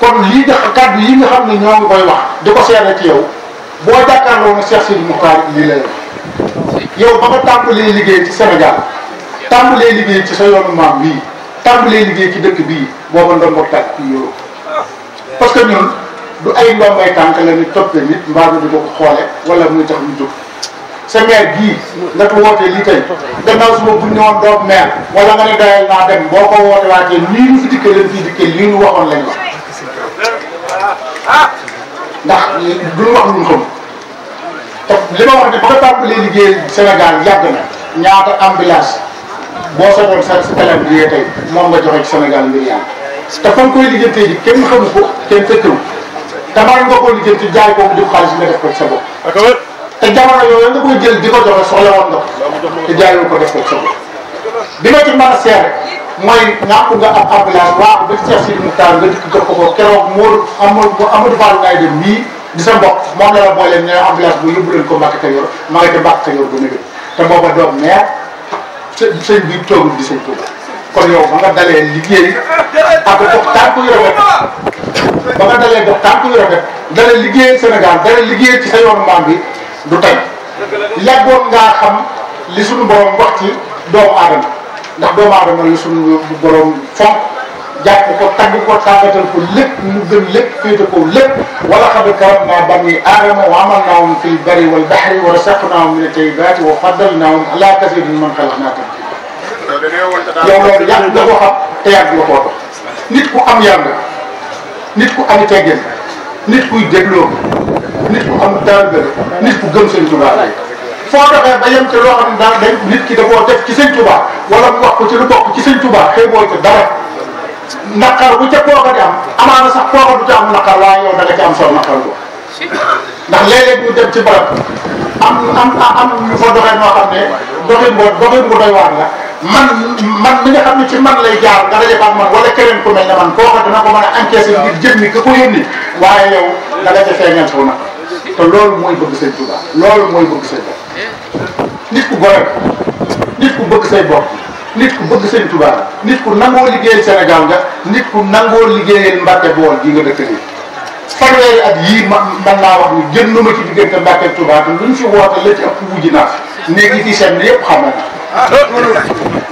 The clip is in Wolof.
kon lii nga kàddu yi nga xam ne ñoo ngi koy wax di ko seere ci yow boo jàkkaarloo na Cheikh Sidi Moukhtar lii lay wax yow ba nga tàmbalee liggéey ci Sénégal tàmbalee liggéey ci sa yoonu maam bii tàmbalee liggéey ci dëkk bii booba ndombo tànk bi yow parce que ñun du ay ndombay tànk la ñu toppee nit mbaa mi di ko xoole wala muy tax ñu jóg sa maire bii nga ko wootee lii tey gannaaw suba bu ñu woon doog maire nga ne doyal naa dem boo ko woote waatee nii ñu fi dikkee leen fii dikkee lii waxoon lañ Ah ndax duñ wax luñ xam te li ma wax ne ba nga tàmbalee liggéey Sénégal yàgg na ñaata ambulance boo soxoon sa sa calendrier tey moom nga joxe ci Sénégal mbir yàlla te fan koy liggéeyantee ji kenn xamu ko kenn fekkewu damaa nga ko liggéey ci jaay ko di jëm xaalis nga def ko ci sa bopp. te jamono yooyu nga koy jël di ko joxe soxla woon nga ko te jaayoo ko def ko ci sa bopp bi ma ci mën seere mooy ñàkk nga ab ambulance waaw ba Cheikh Sidi Moukhtar nga dikk jox ko ko keroog Mor Amadou Amadou Fall ngay dem nii di sa mbokk moom la la booleen ñooy ambulance bu yóbbu leen ko Mbacke Kayor ma nga ca ba nëgën te booba doom bi toogul di sëñ Touba kon yow ba nga dalee liggéey ak dox tànk yu rafet ba nga dalee dox tànk yu rafet dalee liggéey Sénégal dalee liggéey ci sa yoonu maam bi du tey yàggoon ngaa xam li suñu borom wax ci doomu aadama ndax doomu aadama la suñu borom fonk jàpp ko tagg ko tàggatal ko lépp mu gën lépp féete ko lépp wala xad karamnaa banii aadama wa amalnaahum fil barri wal bahri wa razaqnaahum mina tayyibaati wa faddalnaahum alaa kathiirin mimman xalaqnaa tafdiilaa yow loolu yàq nga ko xam te yàgg nga koo dox nit ku am yàlla nit ku am teggin nit kuy dégloo nit ku am taalibe nit ku gëm seen tubaab foo doxee ba yem ci loo xam ne daal dañ nit ki da def ci sëñ Tuubaa wala mu wax ko ci lu bokk ci sëñ Tuubaa xëy boo ci dara naqar bu ca kooka di am amaana sax kooka du ca am naqar waaye yow da nga ci am soo naqar ko ndax léeg-léeg ñu dem ci barab am am am ñu fa doxee noo xam ne doxin boo doxin bu doy waar la man man mi nga xam ci man lay jaar nga daje ak man wala keneen ku mel ne man kooka dina ko mën a encaissé ngir jëmmi ka ko yónni waaye yow da nga ca feeñal soo naqar te loolu mooy bëgg sëñ Tuubaa loolu mooy bëgg sëñ Tuubaa nit ku gore nit ku bëgg say bopp nit ku bëgg sëñ Tuubaa nit ku nangoo liggéeyal Sénégal nga nit ku nangoo liggéeyal Mbàkke Bool gi nga dëkk nii fanweeri at yii ma man naa wax ni génn ma ci diggante Mbàkke Tuubaa te luñ fi woote la ci ëpp wujji naa néegi fi seen yëpp xam na